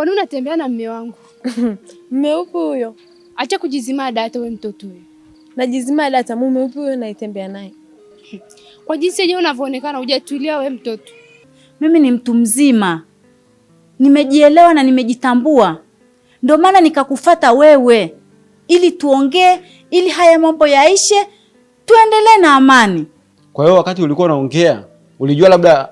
Kwa nini unatembea na mme wangu? Mme upi huyo? Acha kujizima data wewe mtoto wewe. Najizima data mume upi huyo naitembea naye? Kwa jinsi yeye unavyoonekana hujatulia wewe mtoto. Mimi ni mtu mzima. Nimejielewa na nimejitambua. Ndio maana nikakufata wewe ili tuongee ili haya mambo yaishe tuendelee na amani. Kwa hiyo wakati ulikuwa unaongea ulijua labda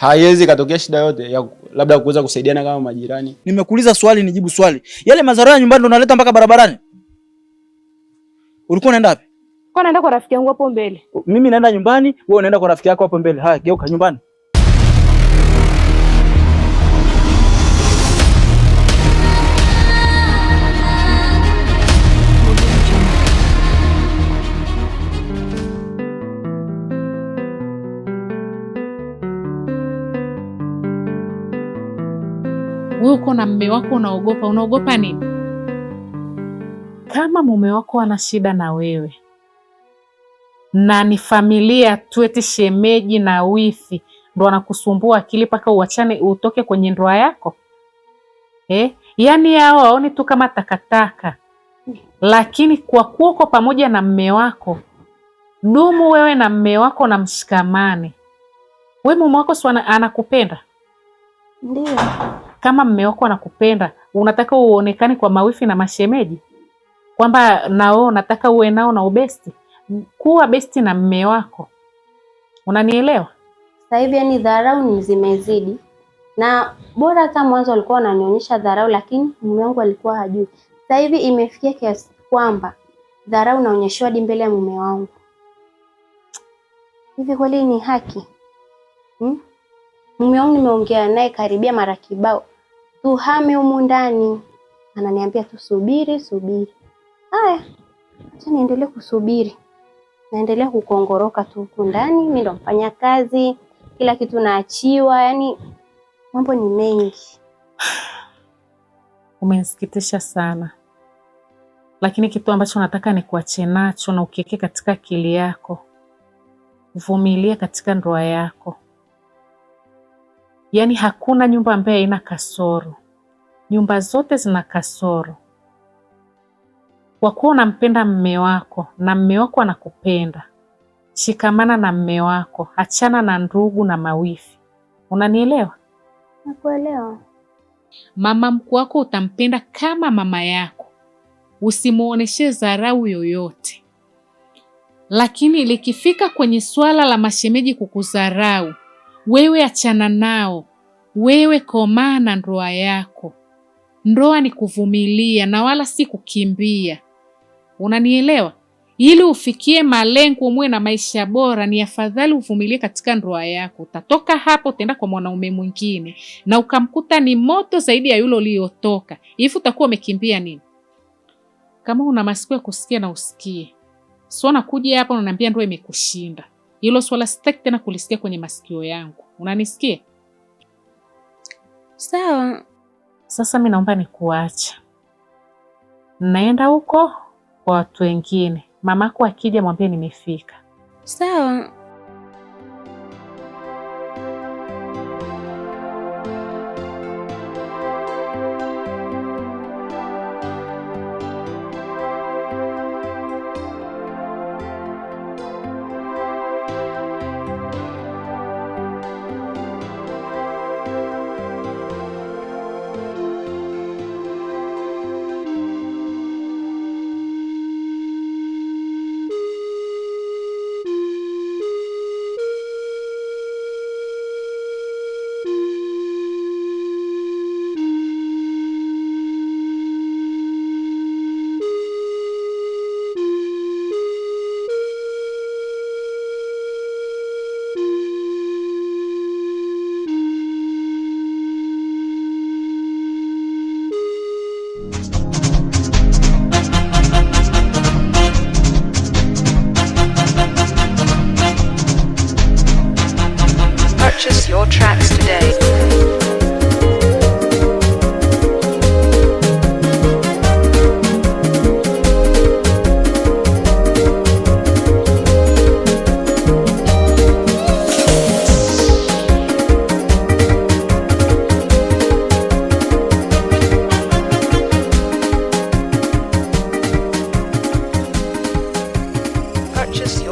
haiwezi katokea shida yote ya labda kuweza kusaidiana kama majirani. Nimekuuliza swali nijibu swali. Yale madhara ya nyumbani ndo mpaka barabarani. Ulikuwa unaenda wapi? Kwa naenda kwa rafiki yangu hapo mbele. Mimi naenda nyumbani, wewe unaenda kwa rafiki yako hapo mbele. Haya, geuka nyumbani. wewe uko na mume wako unaogopa, unaogopa nini? Kama mume wako ana shida na wewe na ni familia tu, eti shemeji na wifi ndo anakusumbua akili mpaka uachane utoke kwenye ndoa yako eh? Yaani hao waoni tu kama takataka, lakini kwa kuwa uko pamoja na mume wako, dumu wewe na mume wako na mshikamane. We mume wako si anakupenda? Ndio kama mme wako anakupenda, unataka uonekane kwa mawifi na mashemeji kwamba nao nataka uwe nao na ubesti? Kuwa besti na mme wako, unanielewa? Sasa hivi yani dharau ni zimezidi, na bora hata mwanzo walikuwa wananionyesha dharau, lakini mume wangu alikuwa hajui. Sasa hivi imefikia kiasi kwamba dharau naonyeshwa hadi mbele ya mume wangu. Hivi kweli ni haki hmm? Mume wangu nimeongea naye karibia mara kibao, tuhame humu ndani. Ananiambia tu subiri, subiri. Haya, acha niendelee kusubiri. Naendelea kukongoroka tu huku ndani, mimi ndo mfanya kazi, kila kitu naachiwa, yani mambo ni mengi. Umenisikitisha sana, lakini kitu ambacho nataka ni kuache nacho na ukieke katika akili yako, vumilia katika ndoa yako. Yaani hakuna nyumba ambayo haina kasoro, nyumba zote zina kasoro. Kwa kuwa unampenda mme wako na mme wako anakupenda, shikamana na mme wako, achana na ndugu na mawifi. Unanielewa? Nakuelewa. Mama mku wako utampenda kama mama yako, usimuoneshe dharau yoyote, lakini likifika kwenye swala la mashemeji kukudharau wewe achana nao, wewe komaa na ndoa yako. Ndoa ni kuvumilia na wala si kukimbia, unanielewa? Ili ufikie malengo, umwe na maisha bora, ni afadhali uvumilie katika ndoa yako. Utatoka hapo, utaenda kwa mwanaume mwingine na ukamkuta ni moto zaidi ya yule uliotoka. Hivi utakuwa umekimbia nini? Kama una masikio ya kusikia na usikie. Sio nakuja hapa unaniambia ndoa imekushinda. Hilo swala sitaki tena kulisikia kwenye masikio yangu, unanisikia? Sawa. Sasa mi naomba nikuacha, naenda huko kwa watu wengine. Mamako akija mwambie nimefika. Sawa.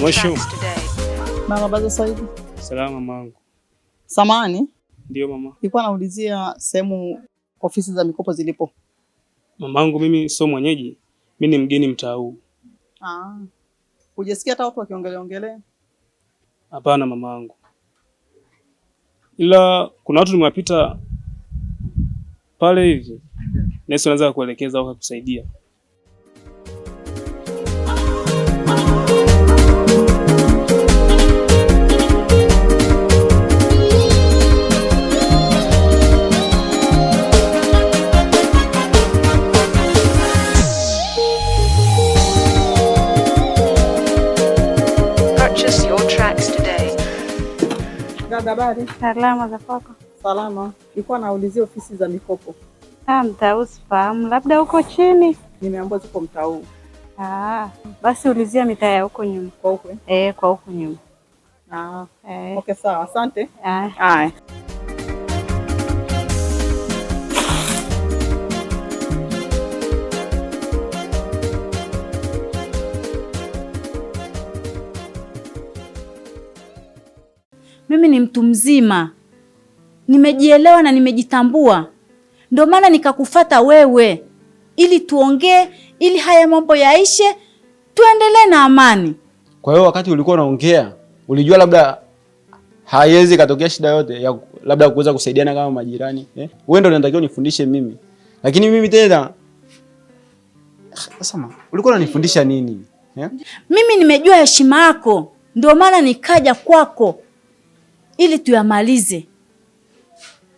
Mwishu. Marhaba Saidi. Salama mamangu. Samani? Ndio mama. Nilikuwa naulizia sehemu ofisi za mikopo zilipo. Mamangu, mimi sio mwenyeji, mi ni mgeni mtaa huu. Ah. Hujasikia hata watu wakiongelea ongelea? Hapana mamangu. Ila kuna watu nimewapita pale hivi. Nesi, unaweza kuelekeza au kukusaidia. habari? Salama. za kwako? Salama. Nilikuwa naulizia ofisi za mikopo. Ah, mtaa huu sifahamu, labda huko chini. Nimeambiwa ziko mtaa huu. Ah, basi ulizia mitaa ya huko nyuma. Kwa huko? Eh, kwa huko nyuma. Ah. Eh. Okay, sawa. Asante. Ah. Haya. Mimi ni mtu mzima, nimejielewa na nimejitambua, ndio maana nikakufata wewe ili tuongee, ili haya mambo yaishe, tuendelee na amani. Kwa hiyo wakati ulikuwa unaongea, ulijua labda haiwezi katokea shida yote ya labda kuweza kusaidiana kama majirani eh? Wewe ndio unatakiwa unifundishe mimi, lakini mimi tena sasa ulikuwa unanifundisha nini eh? Mimi nimejua heshima yako, ndio maana nikaja kwako ili tuyamalize.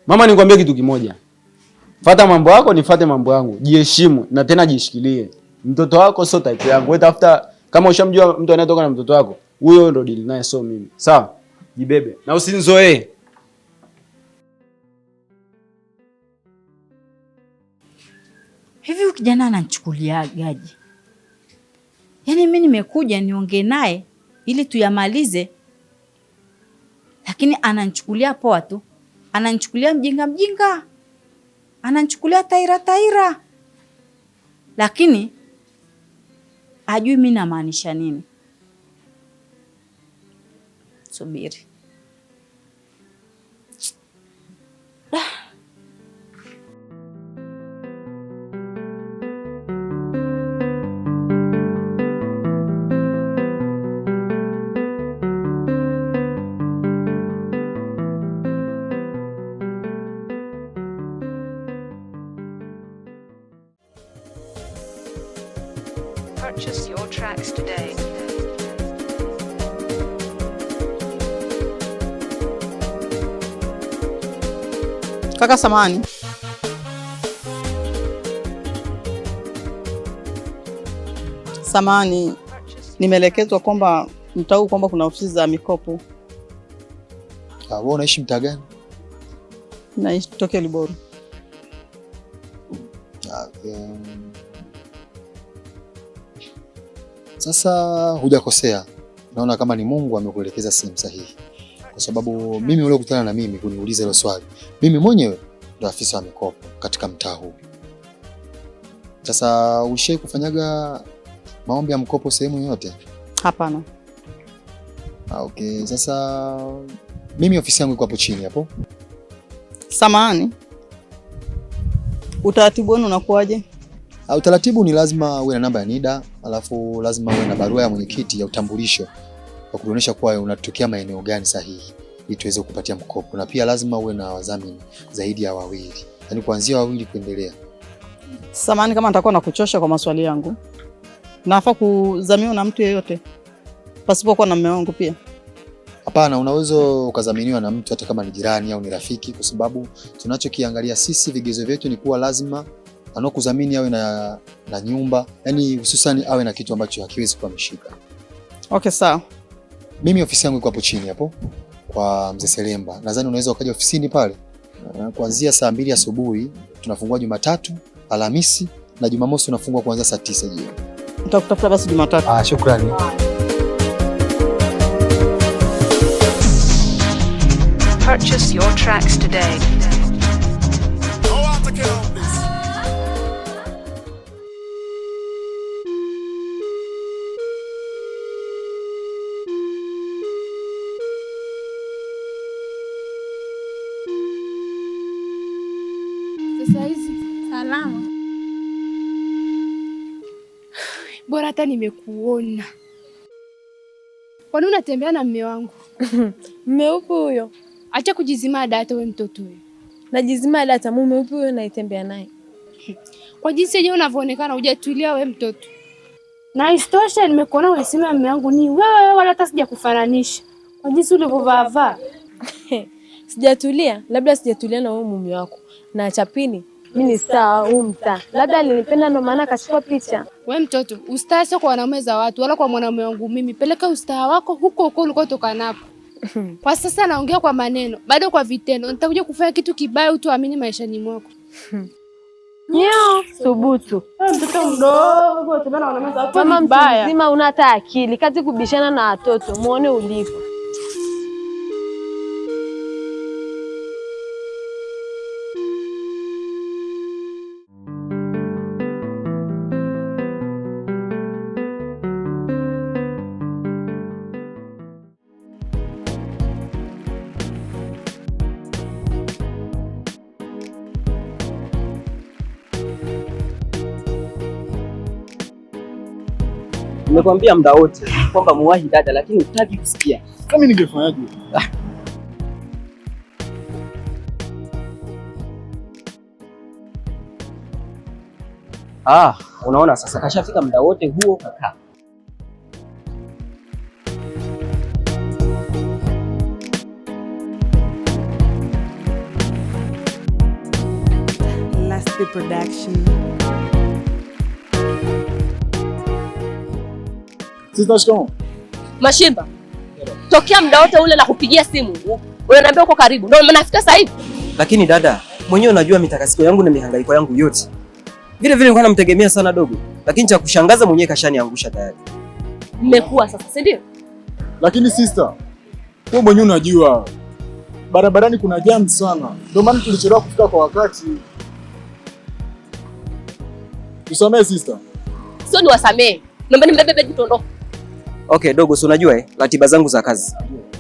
Mama, nikwambie kitu kimoja, fata mambo yako, nifate mambo yangu. Jiheshimu na tena jishikilie. Mtoto wako sio type yangu. Wewe tafuta, kama ushamjua mtu anayetoka na mtoto wako, huyo ndo deal naye, sio mimi. Sawa, jibebe na usinzoee. Hivi ukijana kijana ananichukuliagaje? Yaani mimi nimekuja niongee naye ili tuyamalize lakini ananchukulia poa tu, ananchukulia mjinga mjinga, ananchukulia taira taira, lakini ajui mi namaanisha nini. Subiri. Kaka samani. Samani, nimeelekezwa kwamba mtau kwamba kuna ofisi za mikopo. Ah, wewe unaishi mtaa gani? Naishi toke Liboru. Ah, Sasa hujakosea, naona kama ni Mungu amekuelekeza sehemu sahihi kwa sababu mimi uliokutana na mimi kuniuliza hilo swali, mimi mwenyewe ndo afisa wa mikopo katika mtaa huu. Sasa ushai kufanyaga maombi ya mkopo sehemu yoyote? Hapana. Ah, okay, sasa mimi ofisi yangu iko hapo chini hapo. Samahani, utaratibu wenu unakuwaje? Ah, utaratibu ni lazima uwe na namba ya NIDA, alafu lazima uwe na barua ya mwenyekiti ya utambulisho kwa kuonyesha kuwa unatokea maeneo gani sahihi ili tuweze kupatia mkopo, na pia lazima uwe na wadhamini zaidi ya wawili, yaani kuanzia wawili kuendelea. Samani, kama nitakuwa nakuchosha kwa maswali yangu, nafaa kuzamiwa na mtu yeyote pasipokuwa na mume wangu pia? Hapana, unaweza ukadhaminiwa na mtu hata kama ni jirani au ni rafiki, kwa sababu tunachokiangalia sisi, vigezo vyetu ni kuwa lazima anaokudhamini awe na, na nyumba, yani, hususani awe na kitu ambacho hakiwezi kuhamishika. Okay, sawa. Mimi ofisi yangu iko hapo chini hapo kwa mzee Selemba, nadhani unaweza ukaja ofisini pale kuanzia saa mbili asubuhi. Tunafungua Jumatatu, Alhamisi na Jumamosi, tunafungua kuanzia saa tisa jioni. Tutakutafuta basi Jumatatu. Ah, shukrani. Purchase your tracks today. salama. Bora hata nimekuona. Kwani unatembea na mme wangu? Mme upi huyo? Acha kujizima data wewe mtoto huyo. Najizima data mume upi huyo naitembea naye? Kwa jinsi yeye unavyoonekana hujatulia wewe mtoto. Na istosha nimekuona wewe sima mme wangu ni wewe wala hata sijakufananisha. Kwa jinsi ulivyovaa. Sijatulia, labda sijatulia na wewe mume wako. Na chapini mi ni sawa, huu mtaa labda alinipenda ndo maana akachukua picha. We mtoto, ustaa sio kwa wanaume za watu wala kwa mwanaume wangu mimi. Peleka ustaa wako huko huko ulikotoka napo. Kwa sasa naongea kwa maneno, bado kwa vitendo nitakuja kufanya kitu kibaya utoamini maishani mwako. Nyo subutu Mtoto mdogo mama, mzima una hata akili, kazi kubishana na watoto, muone ulipo. Nimekwambia muda wote kwamba muwahi dada, lakini hutaki kusikia. Kama ningefanyaje? Ah, ah unaona sasa kashafika muda wote huo kaka. Lasty Production. Mashimba, tokea muda wote ule nakupigia simu unaniambia uko karibu, ndio mnafika sasa hivi. Lakini dada mwenyewe unajua mitakasiko yangu na mihangaiko yangu yote, vile vile nilikuwa namtegemea sana dogo, lakini cha kushangaza mwenyewe kashaniangusha tayari. Mmekuwa sasa, si ndio? Lakini sister, wewe mwenyewe unajua barabarani kuna jam sana, ndio maana tulichelewa kufika kwa wakati. Tusamee sister. Sio wasamee, naomba nimbebe tuondoke. Okay, dogo, si unajua eh, ratiba zangu za kazi.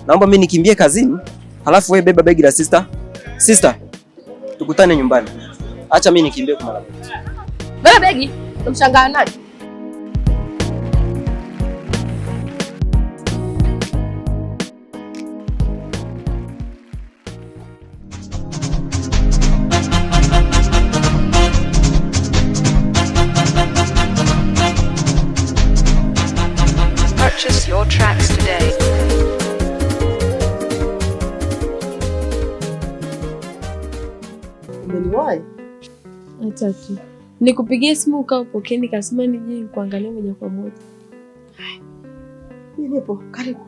Naomba mimi nikimbie kazini, halafu wewe beba begi la sister. Sister, tukutane nyumbani. Acha mimi nikimbie kwa mara. Beba begi, tumshangaa nani? tu. nikupigia simu ukaupokee, nikasema nije kuangalia moja kwa moja. Nipo karibu.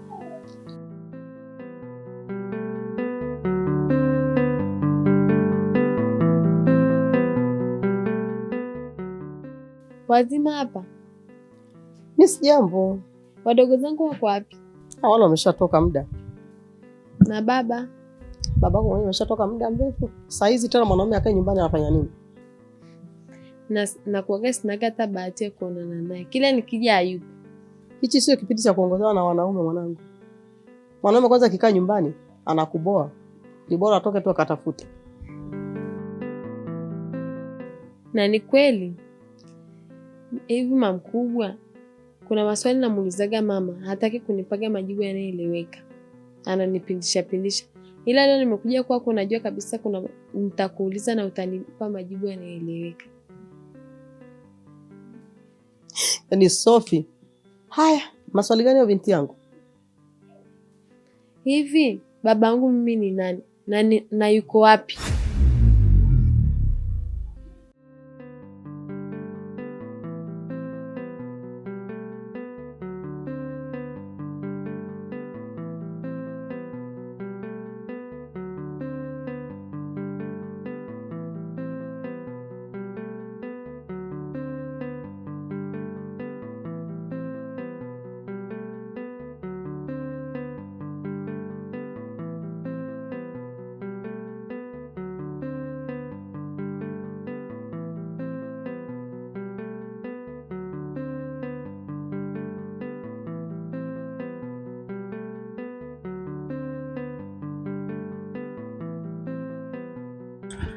Wazima hapa? Mi jambo Wadogo zangu wako wapi? Ah, wale wameshatoka muda. Na baba babako mwenyewe ameshatoka muda mrefu. Saa hizi tena mwanaume akae nyumbani anafanya nini? na nakuaga sinaga hata bahati ya kuonana naye, kila nikija hayupo. Hichi sio kipindi cha kuongozana na wanaume mwanangu. Mwanaume kwanza akikaa nyumbani anakuboa, ni bora atoke tu akatafute. Na ni kweli hivi, mamkubwa, kuna maswali namuulizaga mama, hataki kunipaga majibu yanayoeleweka, ananipindisha pindisha, ila leo nimekuja kwako, najua kabisa kuna nitakuuliza na utanipa majibu yanayoeleweka. ni sofi Haya, maswali gani ya binti yangu? Hivi babangu mimi ni nani? Na, na yuko wapi?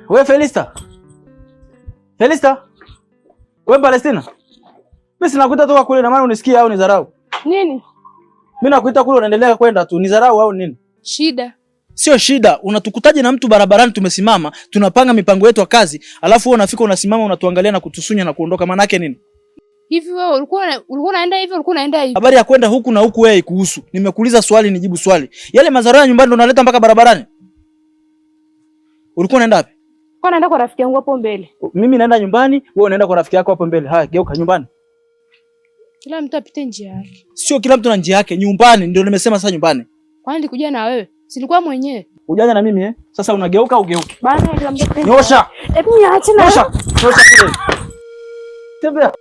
We Felista, Felista, we Palestina, mi sinakuita toka kule, na maana unisikia au nidharau nini? Mi nakuita kule, unaendelea kwenda tu, nidharau au nini? Shida sio shida. Unatukutaje na mtu barabarani? Tumesimama tunapanga mipango yetu ya kazi, alafu wewe unafika unasimama unatuangalia na kutusunya na kuondoka, maana yake nini? Hivi wewe ulikuwa ulikuwa unaenda hivi, ulikuwa unaenda hivi. Habari ya kwenda huku na huku wewe ikuhusu. Nimekuuliza swali nijibu swali. Yale madhara ya nyumbani ndo unaleta mpaka barabarani. Ulikuwa unaenda wapi? Kwa naenda kwa rafiki yangu hapo mbele. Mimi naenda nyumbani, wewe unaenda kwa rafiki yako hapo mbele. Haya, geuka nyumbani. Kila mtu apite njia yake. Sio kila mtu na njia yake, nyumbani ndio nimesema sasa nyumbani. Kwani nilikuja na wewe? Silikuwa mwenyewe. Ujaja na mimi eh? Sasa unageuka au ugeuke? Bana, kila mtu apite. Nyosha. Hebu niache na. Nyosha. Nyosha kule. Tembea.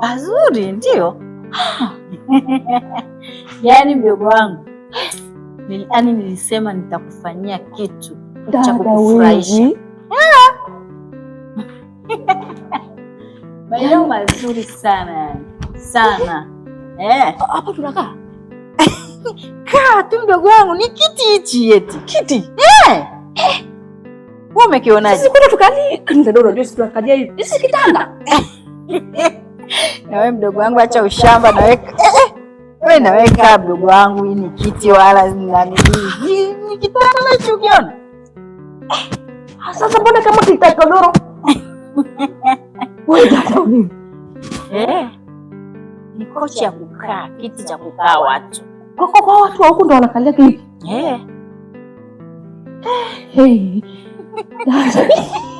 Pazuri ah, ndio. Yaani mdogo wangu, yaani nilisema nitakufanyia kitu cha kukufurahisha. Maeneo mazuri sana sana. Eh. hapa tunakaa kaa tu mdogo wangu, ni kiti hichi yeti kiti eh. Eh. Wewe umekionaje? Sisi kuna tukali kitanda na wewe mdogo wangu, acha ushamba. Na wewe eh, eh, wewe, na wewe kaa mdogo wangu, hii ni kiti wala nani, ni kitanda na chukiona. Eh, sasa mbona kama kitakodoro? Wewe dada mimi. Eh. Ni kochi ya kukaa, kiti cha kukaa watu. Kwa kwa watu huko ndo wanakalia kiti. Eh. Hey.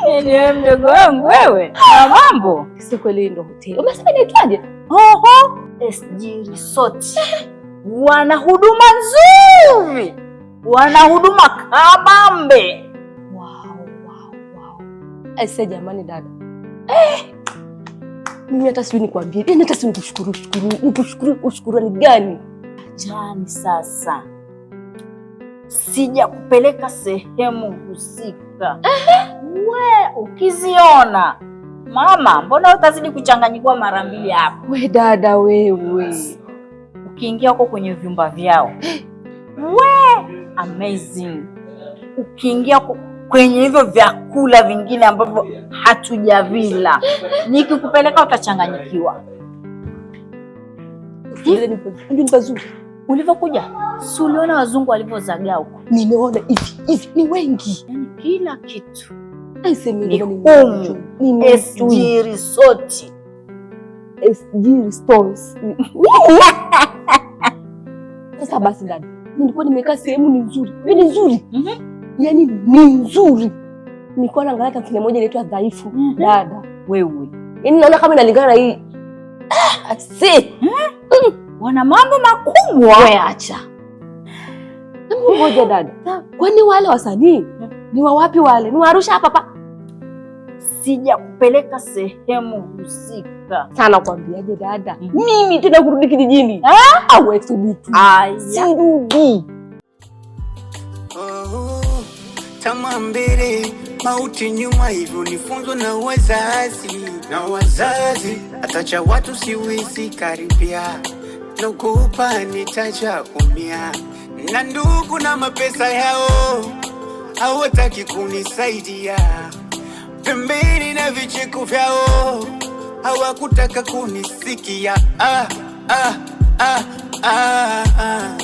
Yaani wewe mdogo wangu wewe na mambo. Si kweli ndio hoteli. Umesema inaitwaje? Oho, SG Resort. Wana huduma nzuri. Wana huduma kabambe. Wow, wow, wow. Aise jamani dada. Eh. Mimi hata sijui nikwambie. Yaani hata sijui nikushukuru, shukuru, nikushukuru, ushukuru ni gani? Jamani sasa. Sija kupeleka sehemu husika. Eh we ukiziona mama, mbona utazidi kuchanganyikiwa mara mbili hapo? We dada wewe, ukiingia huko kwenye vyumba vyao we amazing, ukiingia kwenye hivyo vyakula vingine ambavyo hatujavila, nikikupeleka utachanganyikiwa. Ulivyokuja si uliona wazungu walivyozagaa huko? Nimeona hivi hivi, ni wengi, yani kila kitu ni humu SG Resort. SG Resort. Sasa basi dada, nilikuwa nimekaa sehemu ni nzuri, mm-hmm. ni nzuri yani ni nzuri, nilikuwa naangalia tamthilia moja inaitwa Dhaifu. Dada wewe, yani naona kama inalingana na hii ah, Wana mambo makubwa, we acha ngoja dada, kwani wale wasanii ni wa wapi? Wale ni wa Arusha hapa hapa sija kupeleka sehemu husika sana. Kwambiaje dada, mm -hmm. mimi tena kurudi kijijini awethubutu sirudi. Tamaa mbele, mauti nyuma, hivyo funzo na wazazi na wazazi. Atacha watu siwezi karibia, naogopa nitaja umia, na ndugu na mapesa yao hawataki kunisaidia pembeni na vicheko vyao hawakutaka kunisikia. Ah, ah, ah, ah, ah.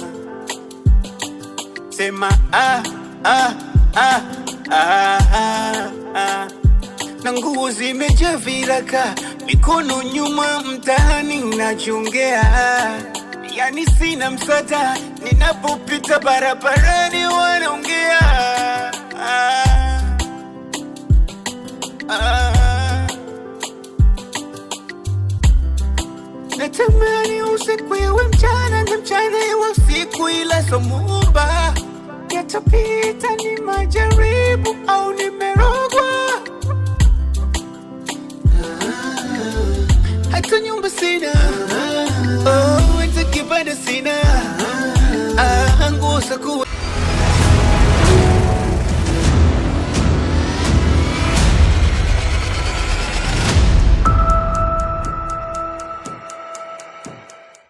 Sema ah, ah, ah, ah, ah, ah. Na nguo zimejaa viraka, mikono nyuma, mtaani unajongea. Yani sina msata ninapopita barabarani wanaongea